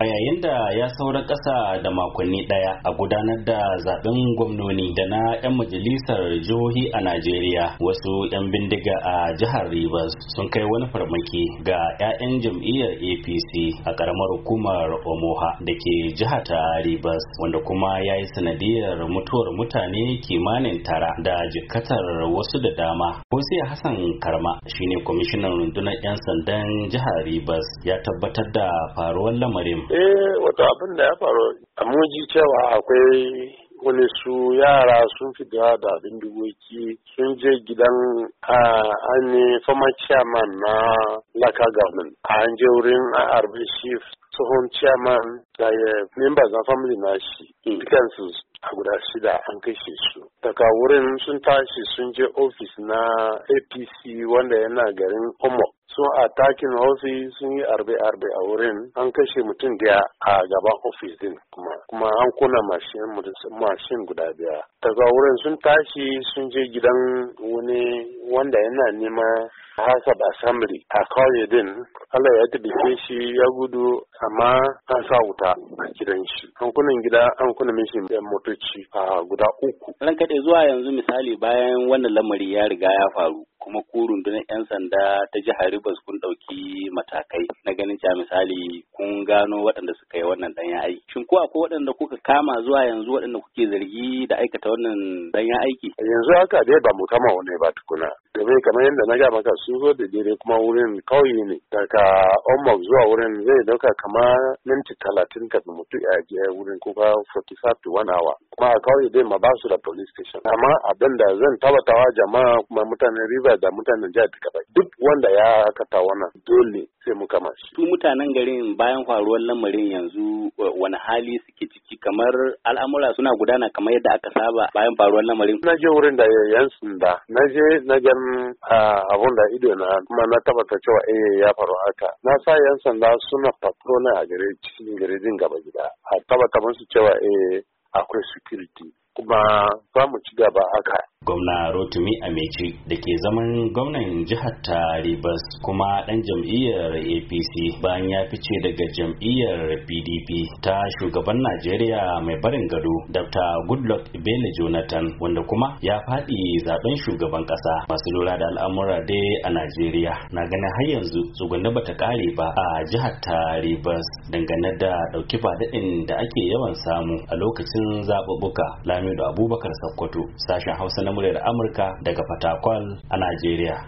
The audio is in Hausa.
a yayin da ya saura ƙasa da makonni ɗaya a gudanar da zaben gwamnoni da na 'yan majalisar jihohi a najeriya wasu 'yan bindiga a jihar rivers sun kai wani farmaki ga 'ya'yan jam'iyyar apc a ƙaramar hukumar omoha da ke jiha ta rivers wanda kuma ya yi sanadiyar mutuwar mutane kimanin tara da jikatar wasu da dama hosiya hassan karma shine kwamishinan rundunar 'yan sandan jihar rivers ya tabbatar da faruwar lamarin Eh wato abin da ya faru a muji cewa akwai wani su yara sun fita da abin duboki sun je gidan a ne former chairman na laka government an je wurin arb chief tsohon chairman da ya members na family na shi hmm. dukansu a guda shida an kashe su daga wurin sun tashi sun je ofis na apc wanda yana garin omo a takin hausi sun yi arbe-arbe a wurin an kashe mutum daya a gaban ofis din kuma kuma an kuna mashin guda biya daga wurin sun tashi sun je gidan wani wanda yana nema hasab assembly a kauye din Allah ya tabbace shi ya gudu amma an sa wuta a gidan shi an kunan gida an kuna mishi motoci a guda uku ran kaɗe zuwa yanzu misali bayan wannan lamari ya riga ya faru kuma ko rundunar 'yan sanda ta jihar Ribas kun ɗauki matakai na ganin cewa misali kun gano waɗanda suka yi wannan ɗanyen aiki. Shin ko akwai waɗanda kuka kama zuwa yanzu waɗanda kuke zargi da aikata wannan ɗanyen aiki? Yanzu haka dai ba mu kama wani ba tukuna. Dabe kamar yadda na gaya maka sun zo da dire kuma wurin kauye ne. Daga Omok zuwa wurin zai ɗauka kama minti talatin kafin mutum ya je wurin kuka 45 to 1 hour. Kuma a kauye dai ma ba su da police station. Amma abin da zan tabbatawa jama'a kuma mutanen River da mutanen jihar duka bai duk wanda ya kata wannan dole sai mu kama shi su mutanen garin bayan faruwar lamarin yanzu wani hali suke ciki kamar al'amura suna gudana kamar yadda aka saba bayan faruwar lamarin na je wurin da yan sunda na je na gan abun da ido na kuma na tabbata cewa eh ya faru haka na sa yan sanda suna patrona a gare cikin garejin gaba gida a tabbata musu cewa eh akwai security kuma za mu ci gaba haka gwamna rotumi ameci da ke zaman gwamnan jihar ta ribas kuma dan jam'iyyar apc bayan ya fice daga jam'iyyar pdp ta shugaban najeriya mai barin gado dr goodluck ibele jonathan wanda kuma ya faɗi zaben shugaban ƙasa masu lura da al'amura dai a najeriya na ganin har yanzu tsugunne bata kare ba a jihar ta ribas dangane da ɗauki daɗin da ake yawan samu a lokacin zaɓuɓɓuka lamido abubakar sakkwato sashen hausa na muryar amurka daga fatakwal a najeriya